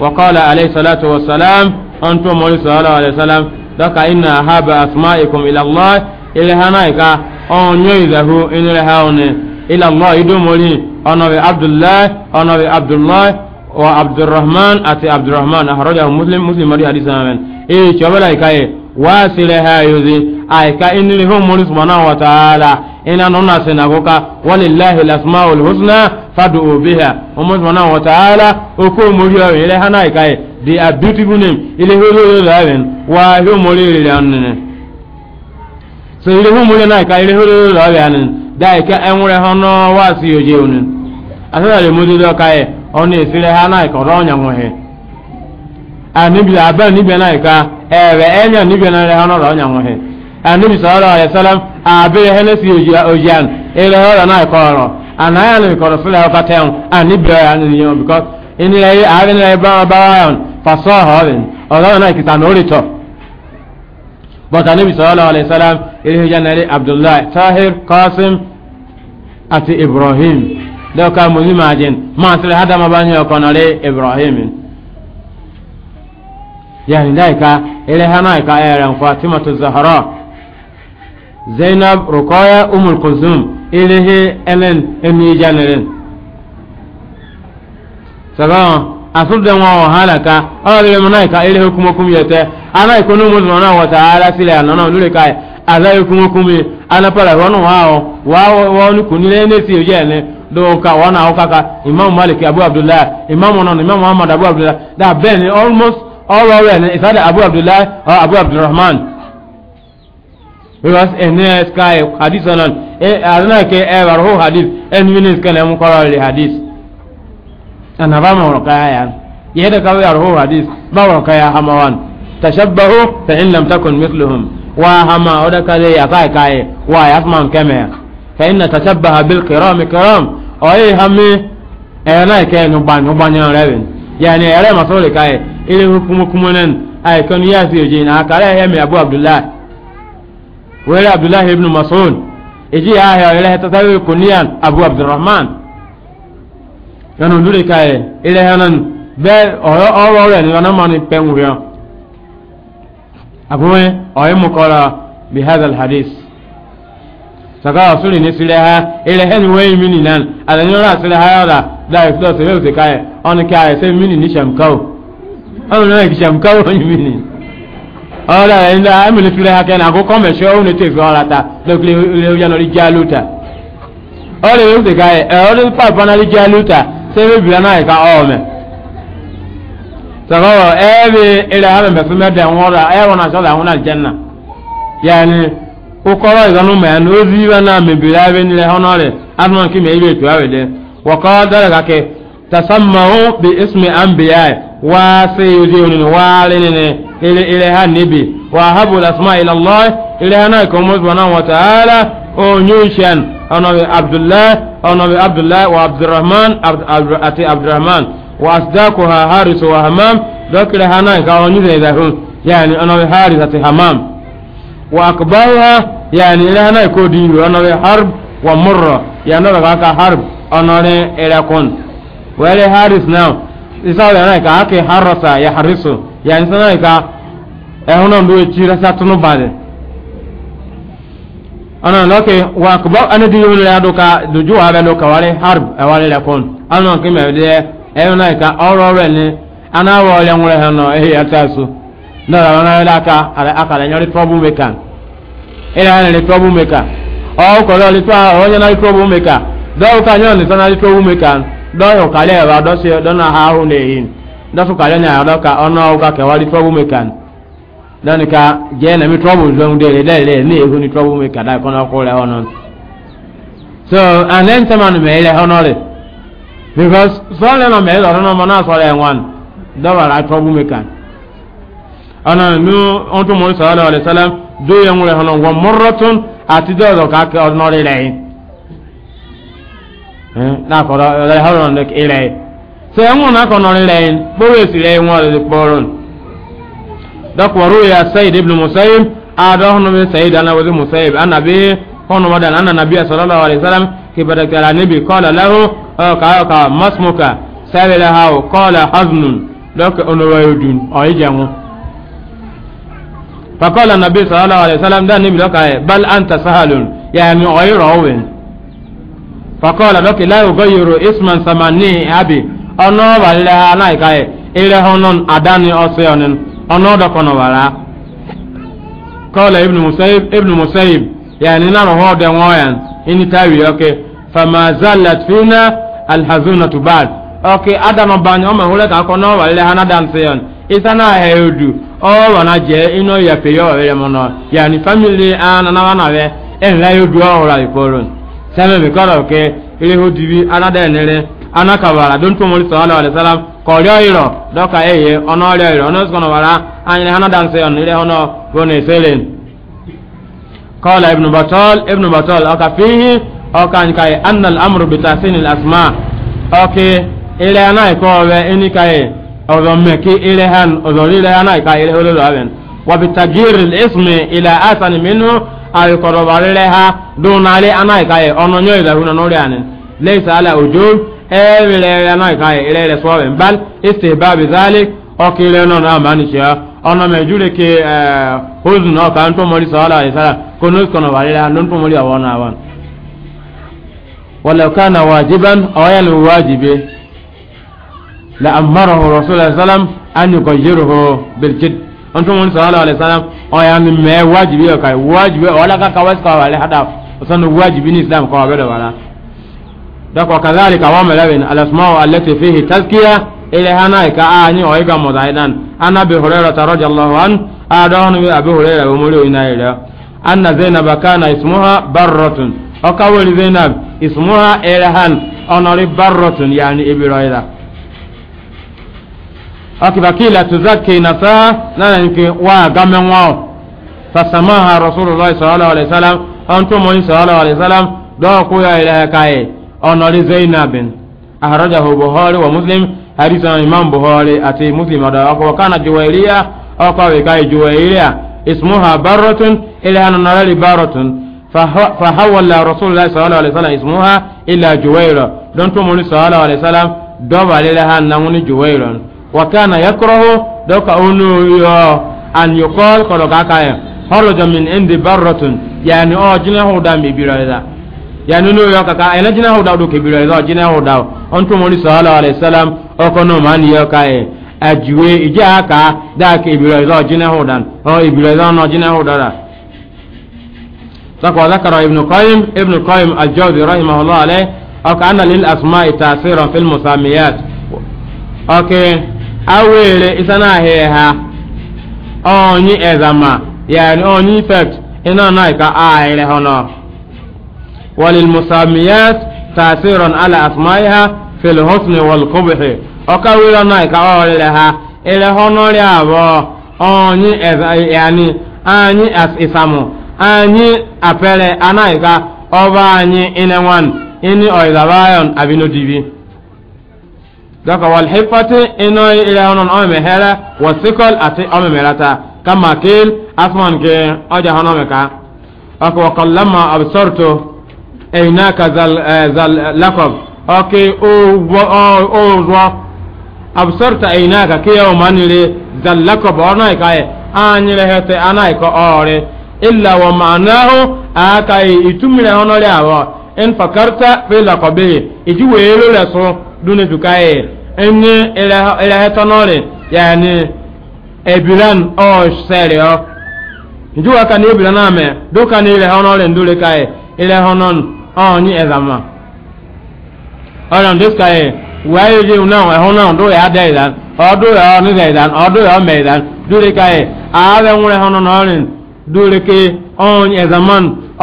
وقال عليه الصلاة والسلام أنتم مولى صلى الله عليه وسلم ذكر إن أحب أسمائكم إلى الله إلى هنائك onyoyi zahu inire haune ila allah ido mori onobe abdullah onobe abdullah wa abdurrahman ati abdurrahman ahrajahu muslim muslim mari hadith amen e chobala ikaye wasile hayuzi aika inire ho mori subhanahu wa ta'ala ina nona sinagoka walillahi alasmaul husna fad'u biha umma subhanahu wa ta'ala oko mori o ile hana ikaye they are beautiful name ile ho ho ho wa ho mori ile anene so ile hu mulya na ka ile hu lo lo ya nin da ka enwure hono wa si oje onu asala le mu do ka e onu esire ha na ka ro nya nwe anibi aba nibi na ka ewe enya nibi na re hono ro nya nwe anibi sallallahu alaihi wasallam abe he ne si oje ojan ile ho na ka ro anaya le ko rasul ha because ini le ari ni le ba náà kìtà ní orí tọ́ but anabi sallallahu alaihi wasallam ilé hijab nari abdullahi tahir qasim àti ibrahim dọ́ka mọ̀lì máa jẹun máa sọ̀rọ̀ hadama bá ní ọkọ̀ náà rí ibrahim yàrá dáìka ilé hana ìka ẹ̀rẹ̀ nǹkan timothy zahra zainab rukoya umul kuzum ilé hi ẹlẹ́n ẹnu hijab nari. asurde ŋo halaka alalibe manai ka ile hukumo kum yete ana ikonu mu na wa ta'ala sile na nule kai ala hukumo kum ana para wono wao wao wonu kunile ne si yene do ka wana o kaka imam malik abu abdullah imam onon imam muhammad abu abdullah da ben almost all abu abdullah or abu abdurrahman sky hadith e arna ke e hadith minutes hadith ana ba ma warka ya ya da kawai arho hadis ba warka ya hama wan tashabbahu fa in lam takun mithluhum wa hama oda kale ya kai kai wa ya man kame fa inna tashabbaha bil kiram kiram o hami e ke no ban no ban yan rebe yani ere ma kai ile hukumu kumunen ay kan ya fi je na kare ya mi abu abdullah wera abdullah ibn mas'ud eji ya ya ile ta tawi kuniyan abu abdurrahman nanu ndure kae ile hanan be oro oro re ni wana mani penguria abuwe oye mukora bi hadha al hadith saka asuli ni sile ile hen we mini nan ala ni ra sile ha ala da ifdo se we kae on kae se mini ni shamkao on na ki shamkao on [LAUGHS] mini ora inda amili sile ha kana ko kome show ni te zora ta dokle le yanori jaluta ora we kae ora pa panali jaluta sebe bia na ka ome sababu ebe ila hame mefume de ngora ewa na sala ngona aljanna yani ukoro iganu me an ozi wa na me bila be ni le honore adman ki me ile to awede wa qadara ka ke tasammahu bi anbiya habu ala o أنبي عبد الله أنبي عبد الله وعبد الرحمن عبد أتي عبد الرحمن وأصداقها حارس وهمام ذكر هنا كأني ذهبون يعني أنبي حارس أتي همام وأقبلها يعني إلى هنا يكودي أنبي حرب ومرة يعني لغاك حرب أنبي إلى كون وإلى حارس ناو isawo yana ka ake harasa ya harisu yani sana ka ehuna ndo echira satunu bade ana loke wa akba ana di yulu ya doka duju wa beno ka wale harb e wale la kon ana ke me de e na e ka oro re ni ana wa le ngure ya tasu na ra na la ka ala aka la nyori trouble maker ila le trouble maker o ko lo le pa o nyana trouble maker do ka nyon ni do yo ka le wa do se do na ha hu ne dani ka jɛna mi trouble zɔn de le le ne ego ni trouble mi ka da ko le ɔnɔ so and then sɛman mɛ yɛlɛ ɔnɔ le because sɔɔle na mɛ yɛlɛ ɔnɔ mɔ n'a sɔrɔ yɛn wan dɔba la trouble mi kan ɔnɔ nu ɔn tó mɔri sɔɔle wale sɛlɛm do ye wuli ɔnɔ wɔ mɔrɔ tún àti dɔw dɔ k'a kɛ ɔnɔ le lɛ yin ɛn n'a kɔrɔ ɔlɛ hɔrɔn de ke lɛ so yɛn ŋun n'a kɔnɔ le lɛ yin kpɔwɛsi lɛ yin wɔle de kpɔrɔn dɔk wa ruya sayid ibn musayib a dɔ hono be sayid ana wazi musayib ana be hono madan ana nabiya sallallahu alaihi wasallam ki badakara nabi qala lahu oh, ka ka masmuka sabila hawo qala haznun dɔk ono wayo dun o ijango فقال النبي صلى الله عليه وسلم ده نبي لك بل أنت سهل يعني غير أوين فقال لك لا يغير اسما سماني أبي أنا ولا أنا كاي إلى هون أداني أصيانين ọnọdọ kọnọ wala kọla ibnu musayib ibnu musayib yani na roho de ngoyan ini tawi okay fama zallat fina alhazunatu ba'd okay adama banya o ma hole ka kono wala hana danseyon isana heudu o wana je ino ya pe ya wele mono yani family ana na wana we en la yo duwa ora iporun sebe be kọla okay ile ho dibi ana de nere ana kawara don to mo sallallahu alaihi wasallam kọrịọ ịrọ dọka eye ọnụ ọrịọ ịrọ ọnụ ọsịkọ nọbara anyị hana danse ọnụ ile ọnụ bụ na eselen kọla ibn batol ibn batol ọka fihi ọka nka yi e, annal amuru bitasin asma ọkị ile ana ikọ ọbẹ ẹni ka yi e, ọzọ mmeki ile ha ọzọ ile ana ika ile ololo abin wabitagir ismi ile asani minu ayikọrọbarire ha dunale ana ika yi e, zahuna nyọ ilahuna n'ụrịa leisa ala ojoo ewele ya na ka ile ile so ben bal istihbab zalik o kile no na mani sha ona me jure ke huzn o kan to mori sala ala sala kono kono wale la non to mori awona awan walau kana wajiban aw yal wajibi la amarahu rasulullah sallam an yughayyiruhu bil jidd on to mori sala ala sala o ya ni me wajibi o kai wajibi o la ka kawas ka wale hada sanu wajibi ni islam ko abeda wala dako kadhalika wamalawin alasmau allati fihi tazkiya ile hana ka ani oiga modaidan ana bi hurairata radiyallahu an adon bi abi hurairah wa muri inaira anna zainab kana ismuha barratun o kawli zainab ismuha ilahan onori barratun yani ibiraida akibakila tuzakki nasa nana nke wa gamen wao fasamaha rasulullah sallallahu alaihi wasallam antum sallallahu alaihi wasallam do ko ya ilaha kai onori zainabin ahrajahu buhari wa muslim hadisa imam buhari ati muslim ada ako kana juwairiya ako we kai juwairiya ismuha baratun ila anarali baratun fahawala rasulullah sallallahu alaihi wasallam ismuha ila juwaira don to mun sallallahu alaihi wasallam do bale la han namuni juwaira wa kana yakrahu do ka unu yo an yuqal qala ka ka horojo min indi baratun yani o jina hu da mi biraida ya nuno yo kaka ena jina ho dawdo kebiro ezo jina ho daw on to moni sallallahu alaihi wasallam o kono man yo ka e ajuwe ija aka da kebiro ezo jina ho dan o ibiro ezo no jina ho dara sako zakara ibn qayyim ibn qayyim al-jawzi rahimahullah alaihi o ka anna lil asma'i ta'siran fil musamiyat okay awere isana heha onyi ezama yani onyi fact ina naika ka a ire hono وللمساميات تأثيرا على أسمائها في الحسن والقبح أكوير نايك أولها إلى هنور أبو أني يعني أني أسيسامو أني أبلي أنايك أبا أني إنوان إني أيضايون أبينو ديبي دكا والحفة إنو إلى هنور أمي هلا والسكل أتي أمي ملاتا كما كيل أسمان كي أجا هنومك أكو وقلما أبصرته einaka zal lakob oke ozwa absorta einaka ke yau manire zal lakob ona ikaye anyere hete anaiko ore illa wa ma'anahu aka itumire honore awo in fakarta fi lakobe iji weelo leso dune dukaye enye ila hete nore yani o serio njuwa kan ame ile honore ndule ile honon ọ̀nyí ẹ̀zàmà ọ̀nà tó ṣe ẹ̀ wẹ́ẹ́ yìí dìbò náà ẹ̀hún náà ọ̀dọ́ yà dẹ̀ ìdán ọ̀dọ́ yà ọ̀nìdẹ̀ ìdán ọ̀dọ́ yà ọ̀mẹ̀ ìdán dúró ká ẹ̀ ààrẹ ńwúrẹ́ hàn náà ọ̀rìn dúró ké ọ̀nyí ẹ̀zàmà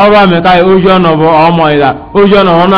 ọ̀rọ̀ àmì ká ẹ̀ ojú ọ̀nà bọ̀ ọmọ ìdá ojú ọ̀nà ọ̀nà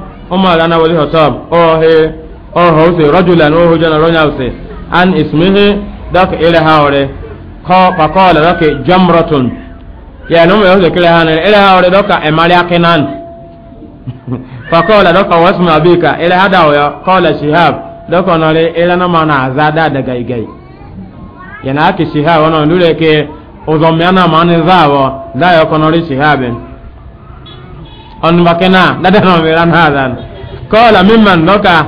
umar ana wali hotob ohe oho use rajulan oho jana ronya use an ismihi dak ile haure ko pakola dak jamratun ya no me use kile hanen ile haure doka emali akinan pakola [LAUGHS] doka wasma bika ile hadawo ya kola shihab doka nole ile na mana azada daga igai yana ake shihab wana ndule ke uzomiana mani zawo zayo konori shihabin on makena da da no mi ran hadan qala mimman noka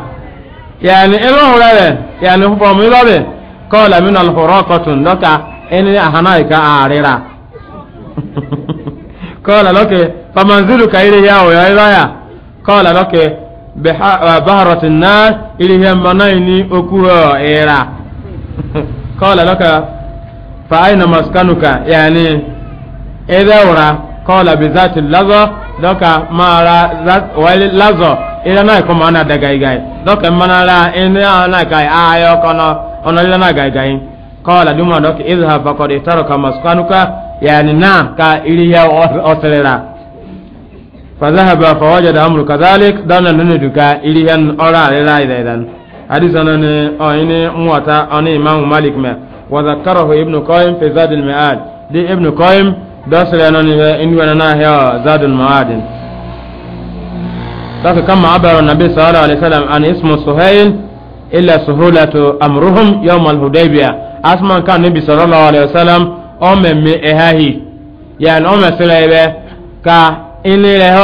yani ilo rawe yani hubo mi rawe qala min al huraqatun noka en ahanaika arira qala [LAUGHS] loke famanziluka ile yao ya ilaya qala loke بحارة الناس إلي هم منيني أكوها إيرا قال fa فأين مسكنك yani إذا ورا kọ́ọ̀lá bí zati lazo, dọ́ka mara wali lazo ila náà kọ́ mana da gaigai dọ́ka mana la ina náà kai ayo kọ́nọ ọ̀nà ila náà gaigai kọ́ọ̀lá duma dọ́ka izha fakọ̀dé tọrọ ka masukanuka yani náà ka iri ya ọsirira fazahaba fawaja da amuru kazalik dọ́nà nínú duka iri ya ọrọ àríra ìdàdàn hadisa na ni ọ̀yin ni mwata ọ̀ni imam malik mẹ́ wàzàkàrọ̀ ibnu kọ́yim fi zadil mẹ́ad di ibnu kọ́yim داسل انا اني انا هيا زاد المعادن ذاك كما عبر النبي صلى الله عليه وسلم عن اسم سهيل الا سهوله امرهم يوم الهديبيه اسمع كان النبي صلى الله عليه وسلم ام من اهاهي يعني ام سليبة كا ان له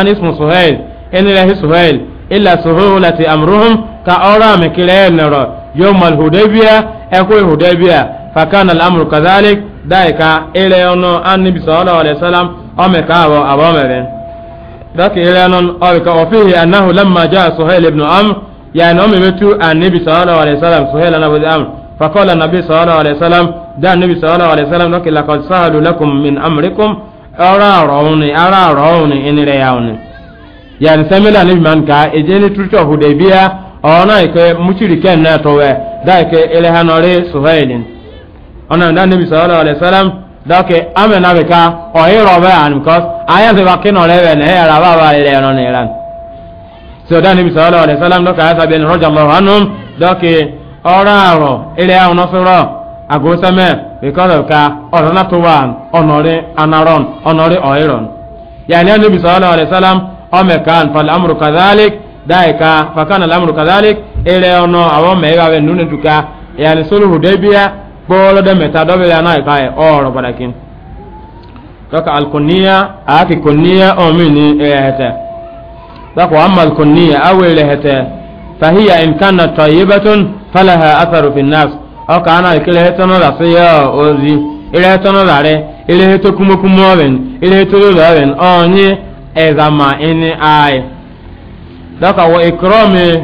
ان اسم سهيل ان له سهيل الا سهوله امرهم كا اورا مكلين يوم الهديبيه اكو الهديبيه فكان الامر كذلك daika ile ono annabi sallallahu alaihi wasallam ame ka abo abo mere dake ile non o ka o fihi annahu lamma jaa suhail ibn amr yani ame metu annabi sallallahu alaihi wasallam suhail ibn amr فقال النبي صلى الله عليه وسلم ده النبي صلى الله عليه وسلم لك لقد سهلوا لكم من أمركم أرى روني أرى روني إن رياوني يعني سملا نبي من كا إجيني ترتو هدبيا أو نايك مشركين ناتوه دايك إلها نوري سهيلين ona nda nabi sallallahu alaihi wasallam dake ame na beka o hero ba an because aya se ba kino lewe ne era ba ba le no ne ran so da nabi sallallahu alaihi wasallam dake asa bin radiyallahu anhum dake ora aro ile ya ono soro agosame because of ka ona na to wan onore anaron onore oiron yani nabi sallallahu alaihi wasallam amekan fal amru kadhalik daika fakana al amru kadhalik ile ono awo meiwa we nune tuka yani sulu hudaybia kpolo da meta do bela na kai oro badakin kaka alkunniya aki kunniya o mini ehete dako amma alkunniya awele hete fahiya in kana tayyibatun falaha atharu fi nas o kana ikile hete no rasiya ozi ile hete no rare ile hete kuma kuma oven ile hete lo oven onye ezama ini ai dako wa ikrami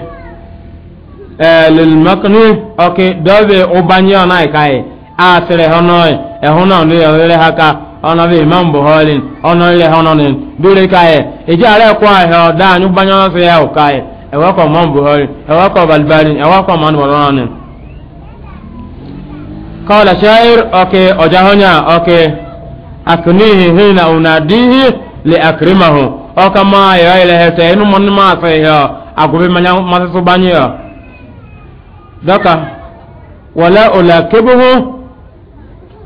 Eh, lilmakni ok dɔbe o banyɔ na ikaye a sere hɔnɔye ehuna ndi yɔrere haka ɔnɔ bi imam buholin ɔnɔ ile hɔnɔnin dure kaye ija are kwa hɛ eh, daanyu banyɔ na se yɛ o kaye ewa eh, kɔ imam buholin ewa kɔ balbarin ewa kɔ man bɔlɔnin kawla shair ok ɔjahonya ok akunihi hina unadihi li akrimahu ɔka maa yɔ ile hɛ sɛ inu ma maa se yɔ agobe manya masasubanyi yɔ daka wala ulakibuhu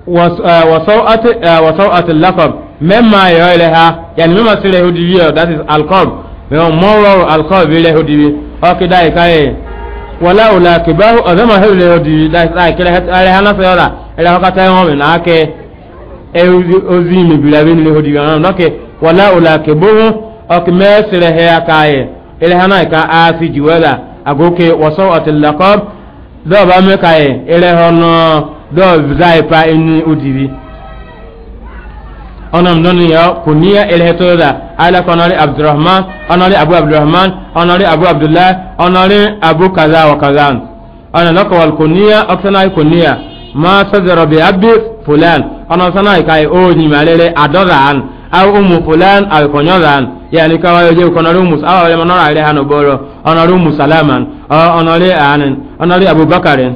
wasau'ati lafam mẹ́mà yọ ilẹ̀ ha yàni mẹ́mà sílẹ̀ ihò dìbí that is alcohol mẹ́mà mọ́rọ̀ alcohol bí ilẹ̀ ihò dìbí ọkì dá ìka yẹ wala ulakibahu ọ̀dọ́mà ihò ilẹ̀ ihò dìbí láì kílẹ̀ ẹ̀rẹ̀ hàn lọ́sẹ̀ yọ̀dà ẹ̀rẹ̀ ọkà tẹ́ wọn mìíràn ákẹ́ ozi mi bìlà bí ilẹ̀ ihò dìbí ọ̀nà lọ́kẹ́ wala ulakibuhu ọkì mẹ́sìlẹ̀ hẹ́ aka yẹ ilẹ̀ hàn náà ìka á sí jìwẹ́lá àgókè wasau'ati dɔw b'a mɛ ka ye ele hɔnɔ dɔw za ye pa eni o dibi ɔnam dɔnni yɔ ko n'i ya ele la ala ko ɔnɔri abdulrahman abu abdulrahman ɔnɔri abu abdullahi ɔnɔri abu kaza wa kaza ɔnɔ lɔkɔ wali ko n'i ya ɔfɛnɛ ma sɔjɔrɔ bi abi fulan ɔnɔ fɛnɛ ye ka e, o ɲimalele a an aw umu fulan aw konyolan yani kawa yoje konori umu aw wala manora ale hanu boro onori umu salaman onori anan onori abubakarin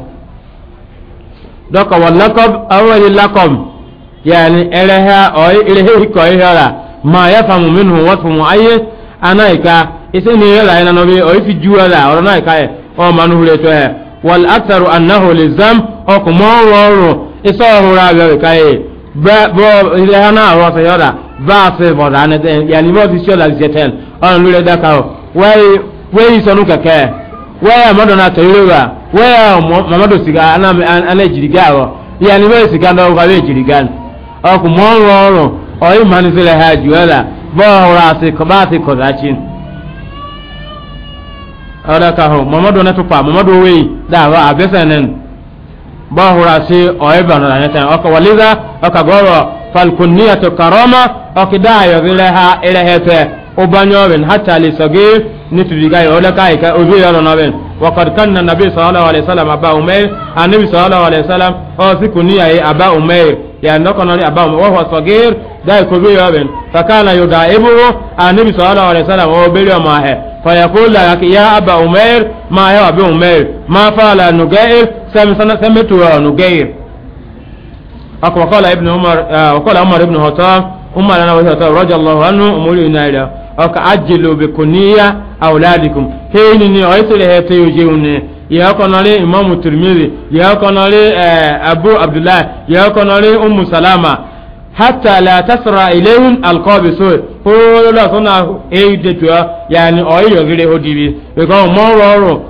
doka wallakab awali lakom yani eleha oy elehi ko ihara ma yafamu minhu wasfu muayyin anaika isini yala ina nobi oy fi juwala orona ikaye o manuhure to he wal aktharu annahu lizam o kumo isa hura gawe kaye bọ́ ilé hàn náà rọ̀ sẹ́yọ́ dà bá a fẹ́ bọ̀ dáná dẹ́ yàní ti sọ́ọ́ làlùjẹ́ tẹ́l ọ̀nà lórí ẹ̀dá kan wẹ́ẹ́ ìsọ̀nù kẹ̀kẹ́ wẹ́ẹ́ àmọ́dọ̀ náà tẹ̀wé wa wẹ́ẹ́ mọ́mọ́dọ̀ sìgá alẹ́ jìrìgá rọ̀ yàní bọ́ sìgá náà wọ́n fẹ́ jìrìgá ni ọkùn mọ́ ń rọ ọrùn ọ̀yí mọ́nisílẹ̀ ha jù ẹ́ la bọ́ ọ̀rọ̀ àti bá a ti kọ̀ dáṣí. ọ̀dọ̀ kan mọ́mọ́dọ̀ náà tó pa mọ́mọ́dọ̀ wẹ́yìn dáhùn àbẹ́sẹ̀ náà bahura si oebano na nyata oka waliza oka goro falkunniyatu karama oki dayo vileha ilehete ubanyobin hatta lisogir nitudigayi olekai ka uzu yoro nobin wakad kanna nabi sallallahu alaihi wasallam aba umair anabi sallallahu alaihi wasallam o si kunniya yi aba umair ya ndoko nokononi aba umair wahuwa sogir dayi kuzu yobin fakana yudaibuhu anabi sallallahu alaihi wasallam o biliyo mahe fayakula ya aba umair mahe wa bi umair ma fala nugair سامي سنة سمت ونجير أكو وقال ابن عمر آه وقال عمر ابن خطاب عمر أنا وخطاب رضي الله عنه أمولي نايلا أك أجلوا بكنية أولادكم هيني نعيس لها تيجيوني يا كنالي إمام الترمذي يا كنالي أبو عبد الله يا كنالي أم سلامة hatta la tasra ilayhim alqabisu holo la sona e de to yani o yo gire hodibi be ko mo roro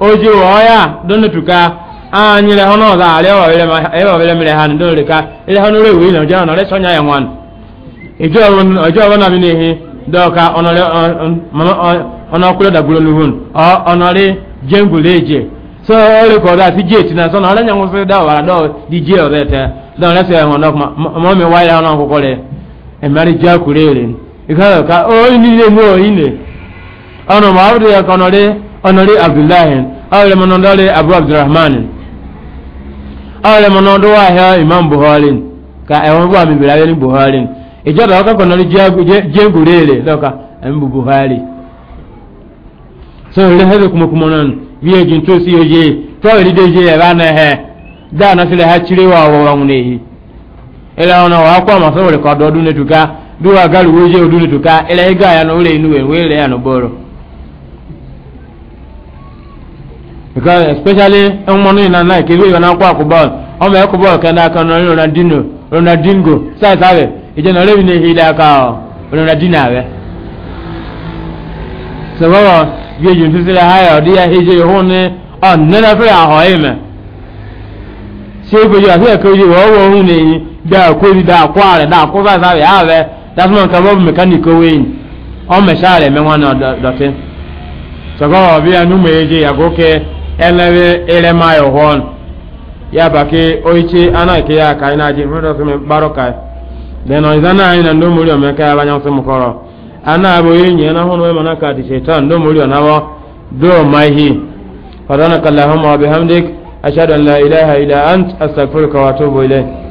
oji oya don tuka anyere hono za ale o ile ma e o han don le ka ile hono le wi no na le sonya yan wan won won na mi hi do ka ono le ono kula da gulo nuhun o ono le ko da ti je ti na so na le da wa do di je o ya kono le onori abdullahi awre mo nodore abu abdurrahman awre mo wa ha imam buhari ka e won wa mi buhari ijo e da ka konori je je gurele doka en buhari so le hebe kuma kuma biye jin to si to ri he da na sile ha chiri wa wa ngune hi ila ona wa kwa ma so le ka do dune tuka duwa galu woje odune tuka ila iga ya no ule inuwe wele ya no boro because especially ẹnwọnú iná náà kébé ìwé náà kó àkóbọ́ọ̀lù ọmọ ẹ̀kọ́ bọ́ọ̀lù kẹ́ńdà kan náà ronaldinho ronaldinho sáàsá rẹ̀ ìjẹun ọ̀rẹ́ mi ní ìhìlẹ̀ aka ronaldinho rẹ̀. sọ̀rọ̀ bí ejò títí rẹ̀ ayọ̀ ya ejò o bèjì àti ẹ̀kọ́ yìí wọ́n wọ ohun ní bí àkó ibi dá àkó àrẹ̀ dá àkó sáàsá rẹ̀ àrẹ̀ dásùmọ̀ nǹkan bọ́ọ̀bù mẹkáníkì owó yìí ọmọ ẹ̀ṣá rẹ̀ mẹ́wọ́n náà elewe elema yo hon ya bake oichi ana ke ya kai na ji mudo se me baroka de no izana ina ndo muri o me ka banya se mukoro ana abo yinye na hono ma na ka ti shaitan ndo muri o nawo do mahi fadanaka allahumma wa bihamdik ashhadu an la ilaha illa ant astaghfiruka wa atubu ilayk